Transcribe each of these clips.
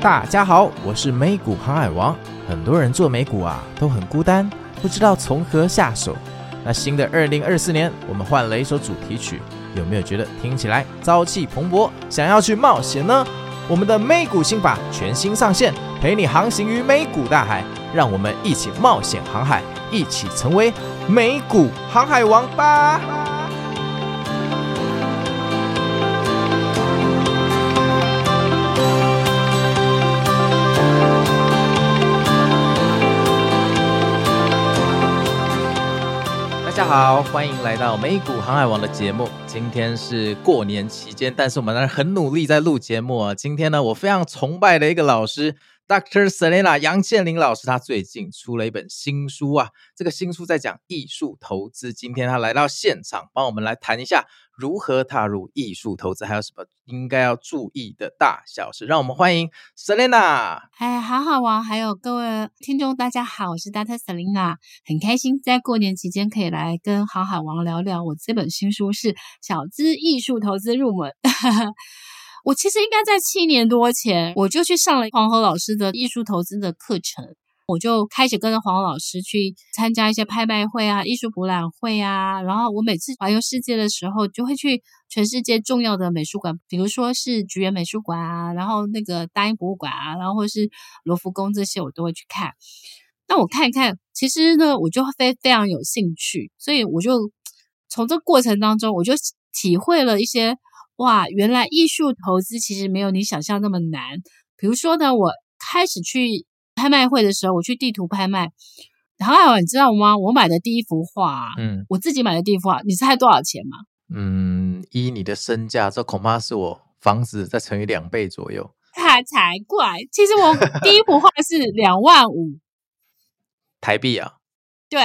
大家好，我是美股航海王。很多人做美股啊都很孤單，不知道從何下手。那新的二零二四年，我們換了一首主題曲，有沒有覺得聽起來朝氣蓬勃？想要去冒險呢？我們的美股心法全新上線，陪你航行於美股大海。讓我們一起冒險航海，一起成為美股航海王吧！大家好，歡迎來到美股航海王的節目。今天是過年期間，但是我們仍很努力在錄節目啊。今天呢，我非常崇拜的一個老師。Dr. Selena，楊倩琳老師，他最近出了一本新書啊，這個新書在講藝術投資。今天他來到現場，幫我們來談一下如何踏入藝術投資，還有什麼應該要注意的大小事。讓我們歡迎 Selena。哎，航海王！還有各位聽眾，大家好，我是 Dr. Selena，很開心在過年期間可以來跟航海王聊聊。我這本新書是《小資藝術投資入門。》 我其實應該在七年多前，我就去上了黃河老師的藝術投資的課程，我就開始跟着黃河老師去參加一些拍賣會啊、藝術博覽會啊。然後我每次環遊世界的時候，就會去全世界重要的美術館，比如說是橘園美術館啊，然後那個大英博物館啊，然後或是羅浮宮這些，我都會去看。那我看一看，其實呢，我就會非非常有興趣，所以我就從這過程當中，我就體會了一些。哇，原來藝術投資其實沒有你想象那麼難。比如說呢，我開始去拍賣會的時候，我去地圖拍賣，然後你知道嗎？我買的第一幅畫，嗯，我自己買的第一幅畫，你猜多少錢嗎？嗯，以你的身價，這恐怕是我房子再乘以兩倍左右。那才怪！其實我第一幅畫是兩萬五 台幣啊。對。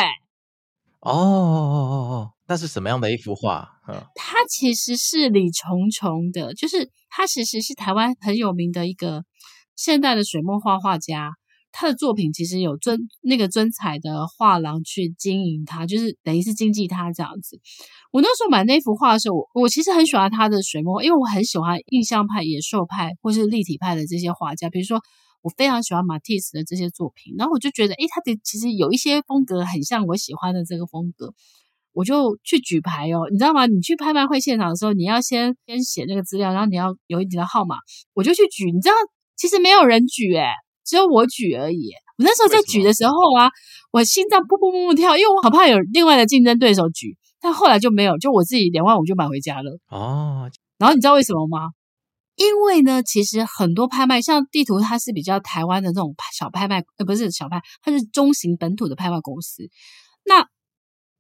哦哦哦哦，那、oh, oh, oh, oh, oh, oh. 是什麼樣的一幅畫？嗯、他其實是李重重的，就是他其實是台灣很有名的一個現代的水墨畫畫家。他的作品其實有尊那個尊彩的畫廊去經營他，就是等於是經紀他這樣子。我那時候買那幅畫的時候，我我其實很喜歡他的水墨，因為我很喜歡印象派、野獸派或是立體派的這些畫家，比如說。我非常喜歡馬蒂斯的這些作品，然後我就覺得，誒，他的其實有一些風格很像我喜歡的這個風格，我就去舉牌哦，你知道嗎？你去拍賣會現場的時候，你要先先寫那個資料，然後你要有你的號碼，我就去舉，你知道，其實沒有人舉、欸，誒，只有我舉而已、欸。我那時候在舉的時候啊，我心臟怦怦怦怦跳，因為我好怕有另外的競爭對手舉，但後來就沒有，就我自己兩萬五就買回家了哦，啊、然後你知道為什麼嗎？因為呢，其實很多拍賣，像帝圖，它是比較台灣的那種小拍賣，呃，不是小拍，它是中型本土的拍賣公司。那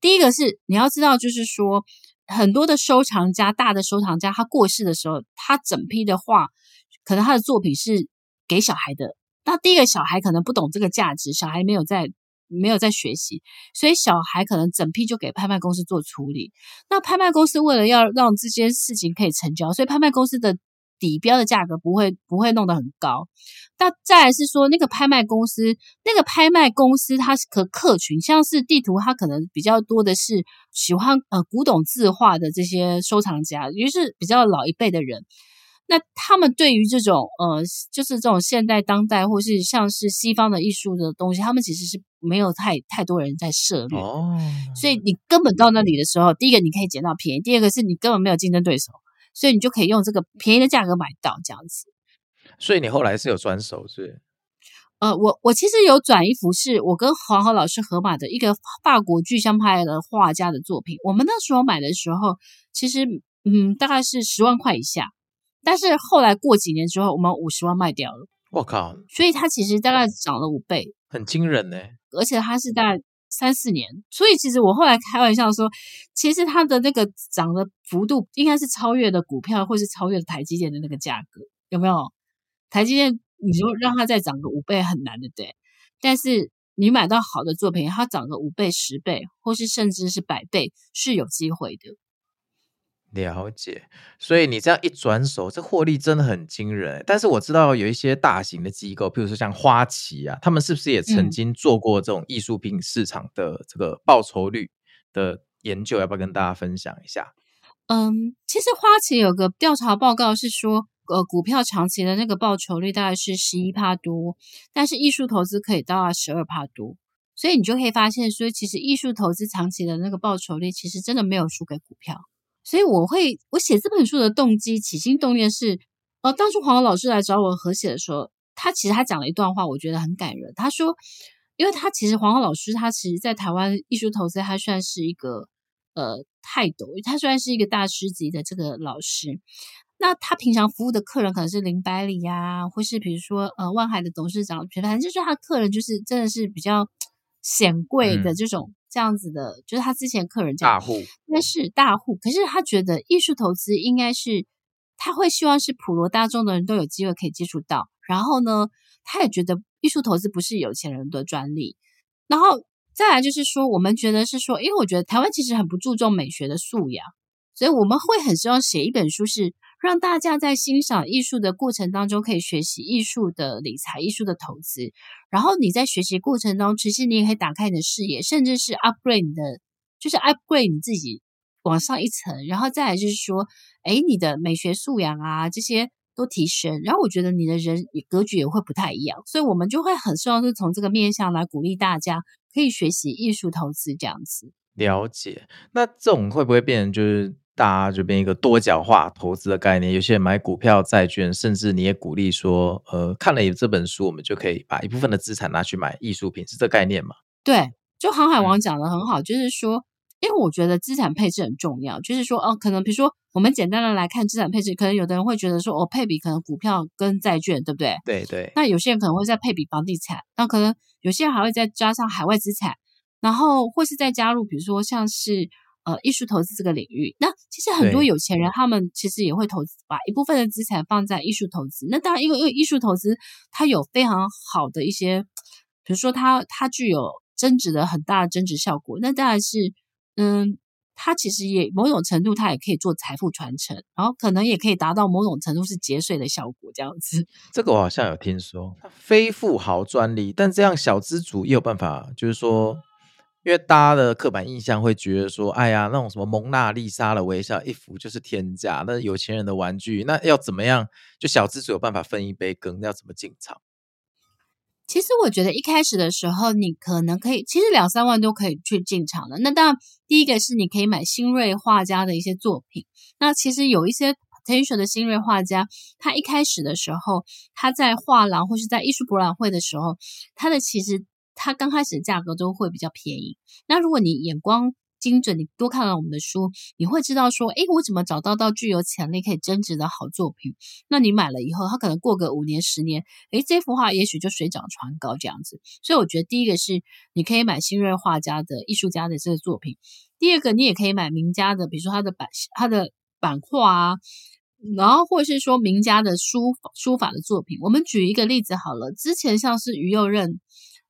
第一個是你要知道，就是說很多的收藏家，大的收藏家他過世的時候，他整批的畫，可能他的作品是給小孩的。那第一個小孩可能不懂這個價值，小孩沒有在沒有在學習，所以小孩可能整批就給拍賣公司做處理。那拍賣公司為了要讓這件事情可以成交，所以拍賣公司的。底標的價格不會不會弄得很高，那再來是說那個拍賣公司，那個拍賣公司它是可客群，像是地圖，它可能比較多的是喜歡呃古董字畫的這些收藏家，也就是比較老一輩的人。那他們對於這種呃，就是這種現代當代或是像是西方的藝術的東西，他們其實是沒有太太多人在涉獵，oh. 所以你根本到那裡的時候，第一個你可以撿到便宜，第二個是你根本沒有競爭對手。所以你就可以用這個便宜的價格買到這樣子。所以你後來是有轉手是，是？呃，我我其實有轉一幅，是我跟黃浩老師合買的一個法國具象派的畫家的作品。我們那時候買的時候，其實嗯，大概是十萬塊以下。但是後來過幾年之後，我們五十萬賣掉了。我靠！所以它其實大概漲了五倍，很驚人呢、欸。而且它是在。三四年，所以其實我後來開玩笑說，其實它的那個漲的幅度應該是超越了股票，或是超越了台積電的那個價格，有沒有？台積電，你就讓它再漲個五倍很難的，對？但是你買到好的作品，它漲個五倍、十倍，或是甚至是百倍，是有機會的。了解，所以你這樣一轉手，這獲利真的很驚人、欸。但是我知道有一些大型的機構，譬如說像花旗啊，他們是不是也曾經做過這種藝術品市場的這個報酬率的研究？嗯、要不要跟大家分享一下？嗯，其實花旗有個調查報告是說，呃，股票長期的那個報酬率大概是十一帕多，但是藝術投資可以到達十二帕多，所以你就可以發現說，其實藝術投資長期的那個報酬率，其實真的沒有輸給股票。所以我會，我寫這本書的動機、起心動念是，呃，當初黃老師來找我合寫的時候，他其實他講了一段話，我覺得很感人。他說，因為他其實黃老師，他其實，在台灣藝術投資，他算是一個呃泰斗，他雖然是一個大師級的這個老師。那他平常服務的客人可能是林百里呀、啊，或是比如說呃萬海的董事長，反正就是他客人就是真的是比較顯貴的這種。嗯這樣子的，就是他之前客人叫大戶，那是大戶。可是他覺得藝術投資應該是，他會希望是普羅大眾的人都有機會可以接觸到。然後呢，他也覺得藝術投資不是有錢人的專利。然後再來就是說，我們覺得是說，因為我覺得台灣其實很不注重美學的素養，所以我們會很希望寫一本書是。讓大家在欣賞藝術的過程當中，可以學習藝術的理財、藝術的投資。然後你在學習過程當中，其實你也可以打開你的視野，甚至是 upgrade 你的，就是 upgrade 你自己往上一層。然後再來就是說，誒，你的美學素養啊，這些都提升。然後我覺得你的人格局也會不太一樣。所以，我們就會很希望是從這個面向來鼓勵大家可以學習藝術投資這樣子。了解，那這種會不會變成就是？大家這邊一個多角化投資的概念，有些人買股票、債券，甚至你也鼓勵說，呃，看了有這本書，我們就可以把一部分的資產拿去買藝術品，是這概念嗎？對，就航海王講的很好，嗯、就是說，因為我覺得資產配置很重要，就是說，哦、呃，可能比如說我們簡單的來看資產配置，可能有的人會覺得說，我、呃、配比可能股票跟債券，對不對？對對。對，那有些人可能會再配比房地產，那可能有些人還會再加上海外資產，然後或是再加入，比如說像是。呃，藝術投資這個領域，那其實很多有錢人，他們其實也會投資，把一部分的資產放在藝術投資。那當然，因為因為藝術投資它有非常好的一些，比如說它它具有增值的很大的增值效果。那當然是，嗯，它其實也某種程度，它也可以做財富傳承，然後可能也可以達到某種程度是節稅的效果，這樣子。這個我好像有聽說，它非富豪專利，但這樣小資族也有辦法，就是說。因為大家的刻板印象會覺得說，哎呀，那種什麼蒙娜麗莎的微笑，一幅就是天價，那有錢人的玩具，那要怎麼樣就小資族有辦法分一杯羹？那要怎麼進場？其實我覺得一開始的時候，你可能可以，其實兩三萬都可以去進場的。那當然，第一個是你可以買新銳畫家的一些作品。那其實有一些 potential 的新銳畫家，他一開始的時候，他在畫廊或是在藝術博覽會的時候，他的其實。它剛開始價格都會比較便宜。那如果你眼光精準，你多看看我們的書，你會知道說，哎，我怎麼找到到具有潛力可以增值的好作品？那你買了以後，它可能過個五年、十年，誒，這幅畫也許就水漲船高這樣子。所以我覺得，第一個是你可以買新銳畫家的藝術家的這個作品；第二個，你也可以買名家的，比如說他的版他的版畫啊，然後或者是說名家的書書法的作品。我們舉一個例子好了，之前像是於右任。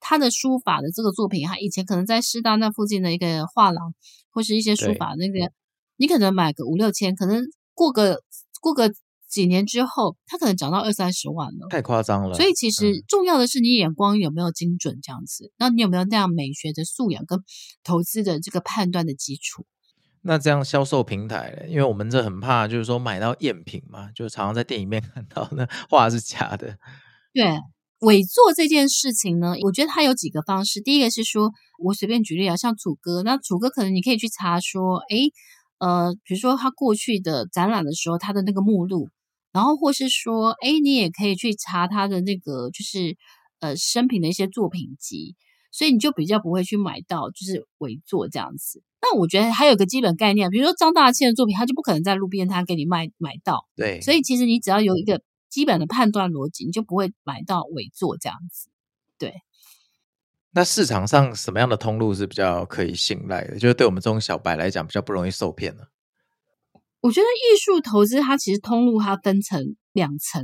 他的書法的這個作品，他以前可能在師大那附近的一個畫廊，或是一些書法那個，對你可能買個五六千，可能過個過個幾年之後，他可能漲到二三十萬了，太誇張了。所以其實重要的是你眼光有沒有精準這樣子，嗯、那你有沒有那樣美學的素養跟投資的這個判斷的基礎？那這樣銷售平台，因為我們這很怕就是說買到贗品嘛，就常常在電影院看到那畫是假的。對。偽作這件事情呢，我覺得它有幾個方式。第一個是說，我隨便舉例啊，像楚哥，那楚哥可能你可以去查說，誒，呃，比如說他過去的展覽的時候，他的那個目錄，然後或是說，誒，你也可以去查他的那個就是呃生平的一些作品集，所以你就比較不會去買到就是偽作這樣子。那我覺得還有個基本概念，比如說張大千的作品，他就不可能在路邊攤給你賣買到，對，所以其實你只要有一個。基本的判斷邏輯，你就不會買到偽作這樣子，對。那市場上什麼樣的通路是比較可以信賴的？就是對我們這種小白來講，比較不容易受騙呢？我覺得藝術投資它其實通路它分成兩層，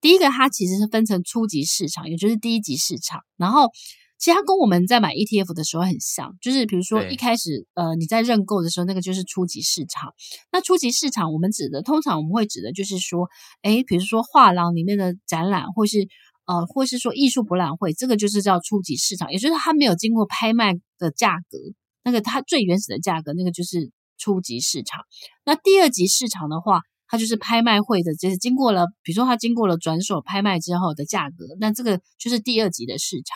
第一個它其實是分成初級市場，也就是第一級市場，然後。其實它跟我們在買 ETF 的時候很像，就是比如說一開始，對呃，你在認購的時候，那個就是初級市場。那初級市場，我們指的通常我們會指的，就是說，誒，比如說畫廊裡面的展覽，或是呃，或是說藝術博覽會，這個就是叫初級市場，也就是它沒有經過拍賣的價格，那個它最原始的價格，那個就是初級市場。那第二級市場的話，它就是拍賣會的，就是經過了，比如說它經過了轉手拍賣之後的價格，那這個就是第二級的市場。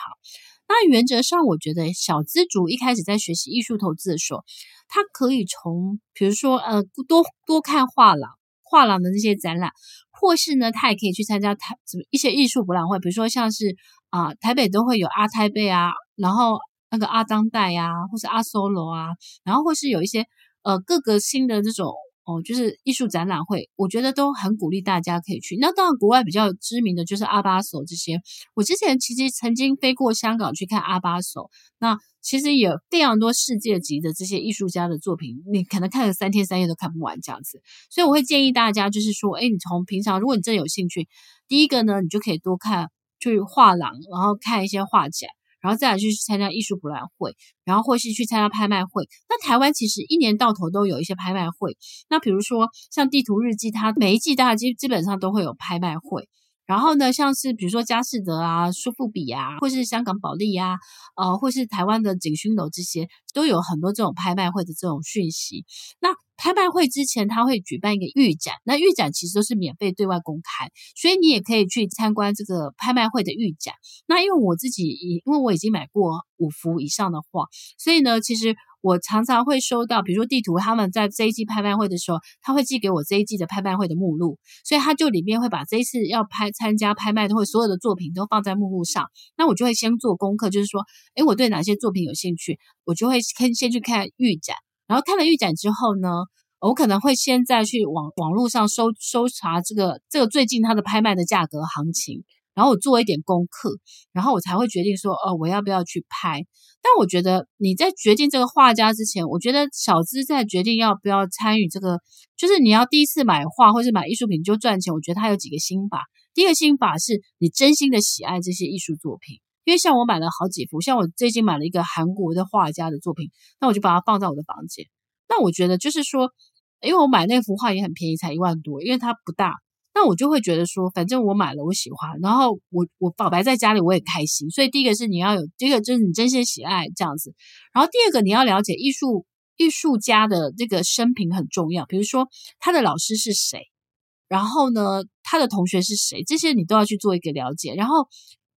那原則上，我覺得小資族一開始在學習藝術投資的時候，他可以從，比如說，呃，多多看畫廊、畫廊的那些展覽，或是呢，他也可以去參加台什麼一些藝術博覽會，比如說像是啊、呃，台北都會有阿台貝啊，然後那個阿當代啊，或是阿 Solo 啊，然後或是有一些呃各個新的這種。哦，就是藝術展覽會，我覺得都很鼓勵大家可以去。那當然，國外比較知名的就是阿巴索這些。我之前其實曾經飛過香港去看阿巴索，那其實有非常多世界級的這些藝術家的作品，你可能看了三天三夜都看不完這樣子。所以我會建議大家，就是說，哎，你從平常，如果你真的有興趣，第一個呢，你就可以多看，去畫廊，然後看一些畫展。然後再來去參加藝術博覽會，然後或是去參加拍賣會。那台灣其實一年到頭都有一些拍賣會。那比如說像《地圖日記》，它每一季大家基基本上都會有拍賣會。然後呢，像是比如說佳士得啊、蘇富比啊，或是香港保利呀、啊，呃，或是台灣的景薰樓這些，都有很多這種拍賣會的這種訊息。那拍賣會之前，他會舉辦一個預展，那預展其實都是免費對外公開，所以你也可以去參觀這個拍賣會的預展。那因為我自己，因為我已經買過五幅以上的畫，所以呢，其實。我常常會收到，比如說地圖，他們在這一季拍賣會的時候，他會寄給我這一季的拍賣會的目錄，所以他就裡面會把這一次要拍、參加拍賣的會所有的作品都放在目錄上。那我就會先做功課，就是說，誒，我對哪些作品有興趣，我就會先先去看預展。然後看了預展之後呢，我可能會先再去網網絡上搜搜查這個這個最近它的拍賣的價格行情。然後我做一點功課，然後我才會決定說，哦，我要不要去拍？但我覺得你在決定這個畫家之前，我覺得小資在決定要不要參與這個，就是你要第一次買畫或是買藝術品就賺錢。我覺得他有幾個心法，第一個心法是你真心的喜愛這些藝術作品，因為像我買了好幾幅，像我最近買了一個韓國的畫家的作品，那我就把它放在我的房間。那我覺得就是說，因為我買那幅畫也很便宜，才一萬多，因為它不大。那我就會覺得說，反正我買了，我喜歡，然後我我寶白在家裡我也開心，所以第一個是你要有，第一個就是你真心喜愛這樣子，然後第二個你要了解藝術藝術家的這個生平很重要，比如說他的老師是誰，然後呢他的同學是誰，這些你都要去做一個了解，然後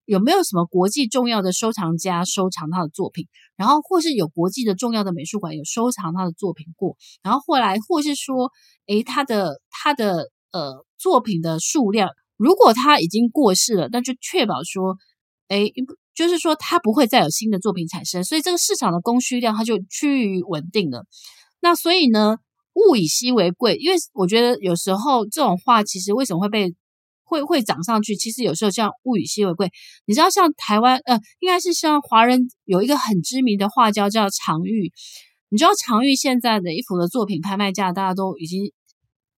有沒有什麼國際重要的收藏家收藏他的作品，然後或是有國際的重要的美術館有收藏他的作品過，然後後來或是說，誒，他的他的呃。作品的數量，如果它已經過世了，那就確保說，哎，就是說它不會再有新的作品產生，所以這個市場的供需量它就趨於穩定了。那所以呢，物以稀為貴，因為我覺得有時候這種畫其實為什麼會被會會漲上去？其實有時候像物以稀為貴，你知道像台灣呃，應該是像華人有一個很知名的畫家叫常玉，你知道常玉現在的一幅的作品拍賣價大家都已經。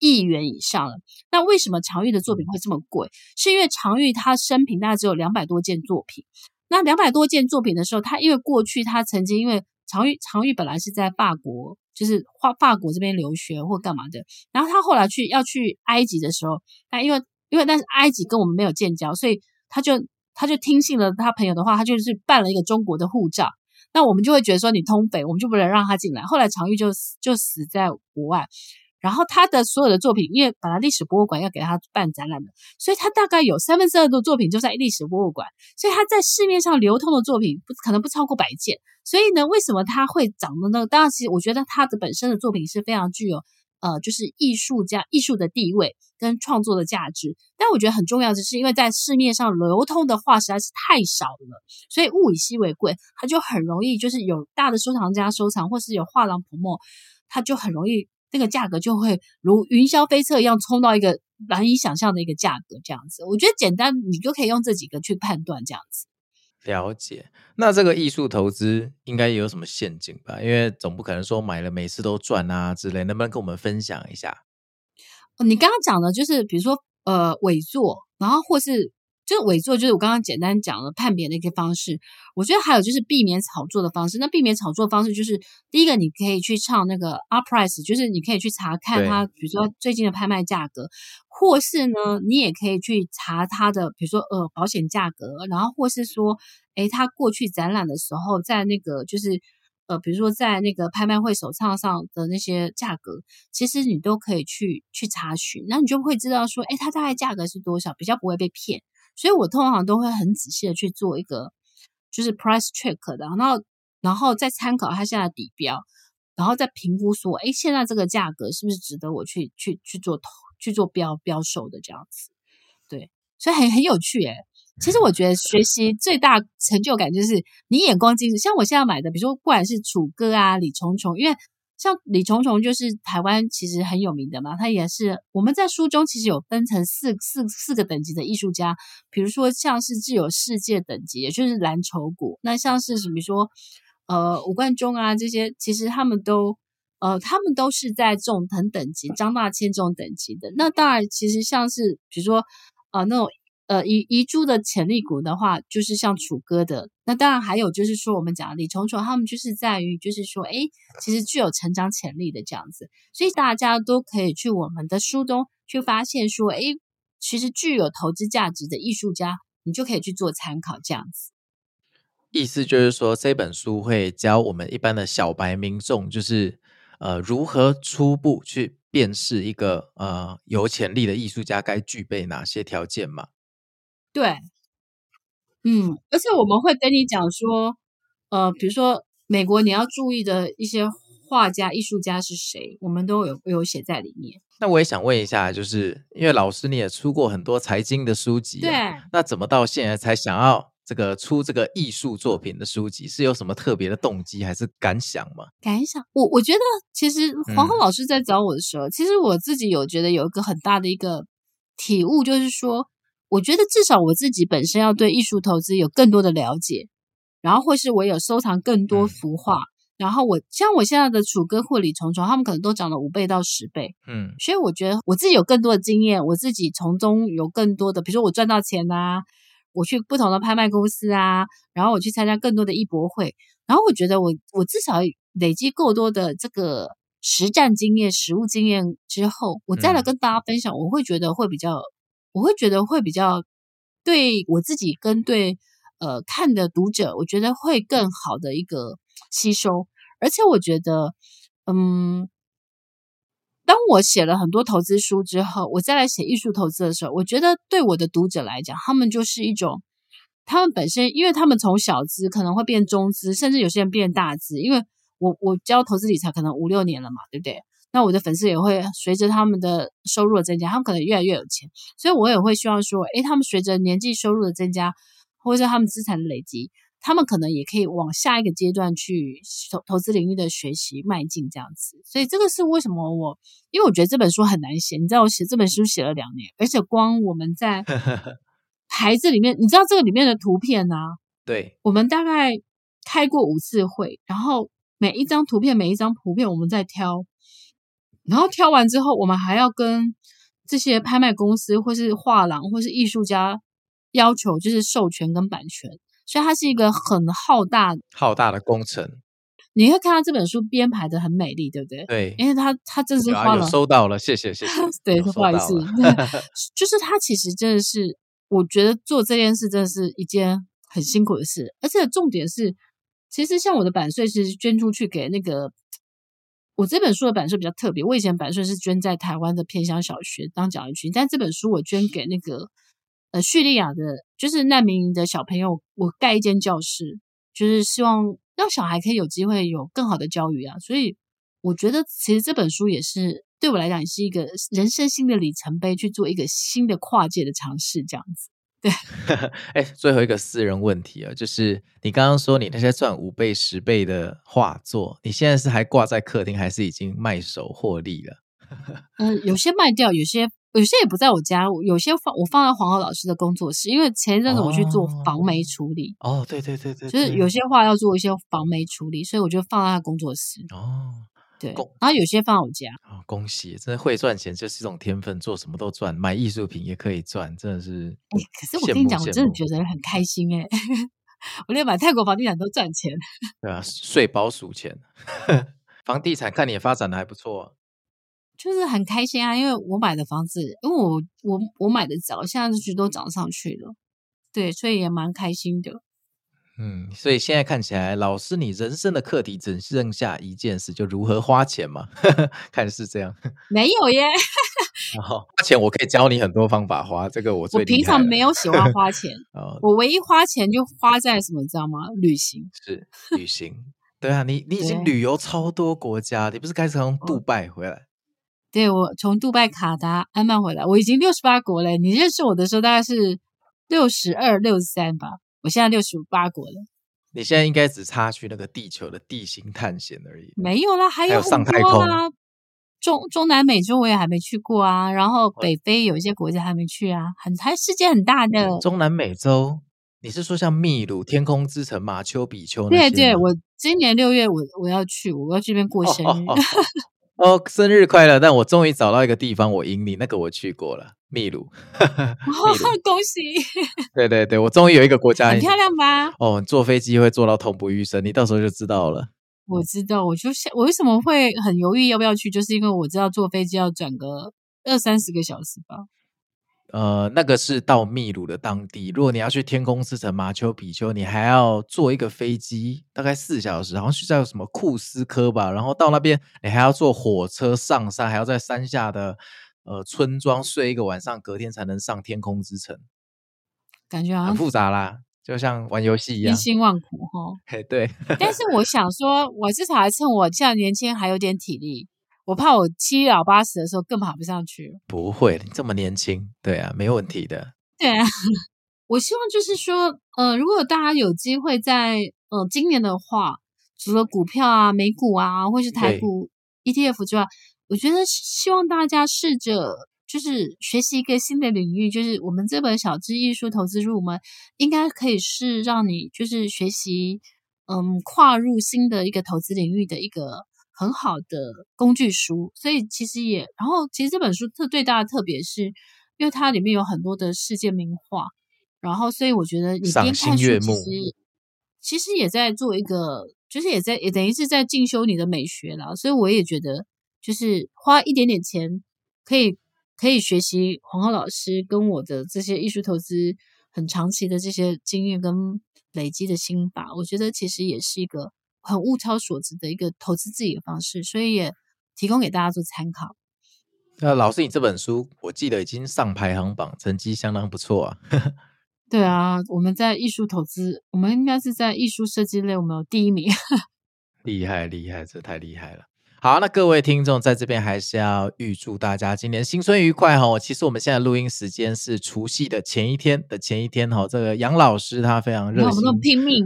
億元以上了，那為什麼常玉的作品會這麼貴？是因為常玉他生平大概只有兩百多件作品。那兩百多件作品的時候，他因為過去他曾經因為常玉常玉本來是在法國，就是法法國這邊留學或幹嘛的。然後他後來去要去埃及的時候，他因為因為但是埃及跟我們沒有建交，所以他就他就聽信了他朋友的話，他就是辦了一個中國的護照。那我們就會覺得說你通匪，我們就不能讓他進來。後來常玉就就死在國外。然後他的所有的作品，因為本來歷史博物館要給他辦展覽的，所以他大概有三分之二的作品就在歷史博物館，所以他在市面上流通的作品不可能不超過百件。所以呢，為什麼他會漲的呢？當然，其實我覺得他的本身的作品是非常具有，呃，就是藝術家藝術的地位跟創作的價值。但我覺得很重要的是，因為在市面上流通的畫實在是太少了，所以物以稀為貴，它就很容易就是有大的收藏家收藏，或是有畫廊捧墨，他就很容易。那個價格就會如雲霄飛車一樣衝到一個難以想象的一個價格，這樣子。我覺得簡單，你就可以用這幾個去判斷，這樣子。了解。那這個藝術投資應該有什麼陷阱吧？因為總不可能說買了每次都賺啊之類，能不能跟我們分享一下？你剛剛講的就是，比如說呃，偽作，然後或是。就偽作，就是我剛剛簡單講了判別的一個方式。我覺得還有就是避免炒作的方式。那避免炒作方式就是，第一個你可以去查那個 appraised price 就是你可以去查看它，比如說最近的拍賣價格，對或是呢，你也可以去查它的，比如說呃保險價格，然後或是說，誒它過去展覽的時候在那個就是呃比如說在那個拍賣會手冊上的那些價格，其實你都可以去去查詢，那你就會知道說，誒它大概價格是多少，比較不會被騙。所以，我通常都會很仔細的去做一個，就是 price check 的，啊，然後，然後再參考它現在的底標，然後再評估說，哎，現在這個價格是不是值得我去去去做投去做標標售的這樣子？對，所以很很有趣誒，其實我覺得學習最大成就感就是你眼光精準，像我現在買的，比如說不管是楚戈啊、李重重，因為。像李重重就是台灣其實很有名的嘛，他也是我們在書中其實有分成四四四個等級的藝術家，比如說像是具有世界等級，也就是藍籌股，那像是比如說呃吳冠中啊這些，其實他們都呃他們都是在這種同等級，張大千這種等級的，那當然其實像是比如說呃那種。呃，遺遺珠的潛力股的話，就是像楚歌的。那當然還有就是說，我們講的李重楚，他們就是在於就是說，哎，其實具有成長潛力的這樣子。所以大家都可以去我們的書中去發現說，哎，其實具有投資價值的藝術家，你就可以去做參考這樣子。意思就是說，這本書會教我們一般的小白民眾，就是呃，如何初步去辨識一個呃有潛力的藝術家該具備哪些條件嘛？對，嗯，而且我們會跟你講說，呃，比如說美國你要注意的一些畫家、藝術家是誰，我們都有有寫在裡面。那我也想問一下，就是因為老師你也出過很多財經的書籍、啊，對，那怎麼到現在才想要這個出這個藝術作品的書籍？是有什麼特別的動機，還是感想嗎？感想，我我覺得其實黃浩老師在找我的時候，嗯、其實我自己有覺得有一個很大的一個體悟，就是說。我覺得至少我自己本身要對藝術投資有更多的了解，然後或是我有收藏更多幅畫，嗯、然後我像我現在的楚戈或李重重，他們可能都漲了五倍到十倍，嗯，所以我覺得我自己有更多的經驗，我自己從中有更多的，比如說我賺到錢啊，我去不同的拍賣公司啊，然後我去參加更多的藝博會，然後我覺得我我至少累積夠多的這個實戰經驗、實務經驗之後，我再來跟大家分享，我會覺得會比較。我會覺得會比較，對我自己跟對呃看的讀者，我覺得會更好的一個吸收。而且我覺得，嗯，當我寫了很多投資書之後，我再來寫藝術投資的時候，我覺得對我的讀者來講，他們就是一種，他們本身，因為他們從小資可能會變中資，甚至有些人變大資，因為我我教投資理財可能五六年了嘛，對不對？那我的粉絲也會隨着他們的收入的增加，他們可能越來越有錢，所以我也會希望說，誒他們隨着年紀、收入的增加，或者他們資產的累積，他們可能也可以往下一個階段去投投資領域的學習邁進，這樣子。所以這個是為什麼我，因為我覺得這本書很難寫，你知道，我寫這本書寫了兩年，而且光我們在牌子裡面， 你知道這個裡面的圖片呢、啊？對，我們大概開過五次會，然後每一張圖片，每一張圖片我們在挑。然後挑完之後，我們還要跟這些拍賣公司或是畫廊或是藝術家要求，就是授權跟版權。所以它是一個很浩大浩大的工程。你會看到這本書編排得很美麗，對不對？對，因為他他真是花了。啊、收到了，謝謝謝謝。 對，不好意思，就是他其實真的是， 我覺得做這件事真的是一件很辛苦的事，而且重點是，其實像我的版稅是捐出去給那個。我這本書的版稅比較特別，我以前版稅是捐在台灣的偏鄉小學當獎學金，但這本書我捐給那個呃敘利亞的，就是難民營的小朋友，我蓋一間教室，就是希望讓小孩可以有機會有更好的教育啊。所以我覺得其實這本書也是對我來講，也是一個人生新的里程碑，去做一個新的跨界的嘗試這樣子。哎對、 欸，最後一個私人問題啊，就是你剛剛說你那些賺五倍、十倍的畫作，你現在是還掛在客廳，還是已經賣手獲利了？ 嗯，有些賣掉，有些有些也不在我家，有些放我放在黃河老師的工作室，因為前一陣子我去做防霉處理。哦，對對對對，就是有些畫要做一些防霉處理，所以我就放在他工作室。哦。對，然後有些放我家。啊、哦，恭喜！真的會賺錢就是一種天分，做什麼都賺，買藝術品也可以賺，真的是羨慕羨慕，欸。可是我跟你講，我真的覺得很開心哎、欸， 我連買泰國房地產都賺錢。對啊，稅包數錢， 房地產看你也發展的還不錯，啊，就是很開心啊。因為我買的房子，因為我我我買的早，現在是都漲上去了，對，所以也蠻開心的。嗯，所以現在看起來，老師，你人生的課題只剩下一件事，就如何花錢嘛？呵呵，看是這樣，沒有耶，然後。花錢我可以教你很多方法花，這個我最我平常沒有喜歡花錢啊。 我唯一花錢就花在什麼，你知道嗎？旅行是旅行，對啊，你你已經旅遊超多國家，對你不是剛從杜拜回來？哦、對我從杜拜、卡達、安曼回來，我已經六十八國了。你認識我的時候大概是六十二、六十三吧。我現在六十五八國了，你現在應該只差去那個地球的地形探險而已。沒有啦，還有、啊、還有上太空啦，中中南美洲我也還沒去過啊，然後北非有一些國家還沒去啊，很還世界很大的，嗯。中南美洲，你是說像秘魯天空之城馬丘比丘那些？對，對對，我今年六月我我要去，我要去那邊過生日。哦，生日快樂！但我終於找到一個地方，我贏你，那個我去過了。秘魯 魯、哦，恭喜！對對對，我終於有一個國家 很漂亮吧？哦，坐飛機會坐到痛不欲生，你到時候就知道了。我知道，我就想，我為什麼會很猶豫要不要去，就是因為我知道坐飛機要轉個二三十個小時吧？呃，那個是到秘魯的當地。如果你要去天空之城馬丘比丘，你還要坐一個飛機，大概四小時，好像是叫什麼庫斯科吧？然後到那邊，你還要坐火車上山，還要在山下的。呃，村莊睡一個晚上，隔天才能上天空之城，感覺好像很複雜啦，就像玩遊戲一樣，千辛萬苦哈、哦。嘿，對。 但是我想說，我至少還趁我現在年輕，還有點體力，我怕我七老八十的時候更爬不上去。不會，這麼年輕，對啊，沒問題的。對啊，我希望就是說，呃，如果大家有機會在呃今年的話，除了股票啊、美股啊，或是台股 ETF 之外，我覺得希望大家試着就是學習一個新的領域，就是我們這本《小資藝術投資入門》，應該可以是讓你就是學習，嗯，跨入新的一個投資領域的一個很好的工具書。所以其實也，然後其實這本書特最大的特別是因為它裡面有很多的世界名畫，然後所以我覺得你邊看書其實賞心悅目。其實也在做一個，就是也在也等於是在進修你的美學啦。所以我也覺得。就是花一點點錢，可以可以學習黃浩老師跟我的這些藝術投資很長期的這些經驗跟累積的心法，我覺得其實也是一個很物超所值的一個投資自己的方式，所以也提供給大家做參考。那、啊、老師，你這本書我記得已經上排行榜，成績相當不錯啊。 對啊，我們在藝術投資，我們應該是在藝術設計類，我們有第一名。 厲害厲害，這太厲害了。好，那各位聽眾在這邊還是要預祝大家今年新春愉快，其實我們現在錄音時間是除夕的前一天的前一天哈。這個楊老師他非常熱心，我們都拼命。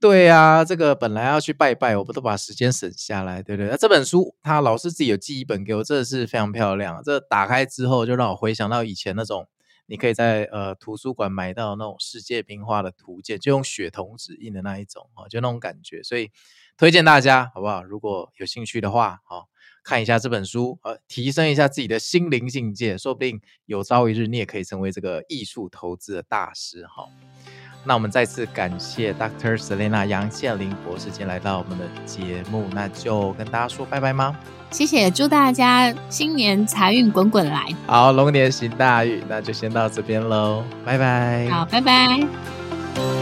對啊，這個本來要去拜拜，我不都把時間省下來，對不對？那這本書，他老師自己有寄一本給我，真的是非常漂亮。這打開之後，就讓我回想到以前那種，你可以在呃圖書館買到那種世界名畫的圖鑑，就用雪銅紙印的那一種，就那種感覺，所以。推薦大家好不好？如果有興趣的話，好、哦、看一下這本書，呃，提升一下自己的心靈境界，說不定有朝一日你也可以成為這個藝術投資的大師。好、哦，那我們再次感謝 Dr. Selena 楊倩琳博士，今天來到我們的節目，那就跟大家說拜拜嗎？謝謝，祝大家新年財運滾滾來，好，龍年行大運。那就先到這邊嘍，拜拜。好，拜拜。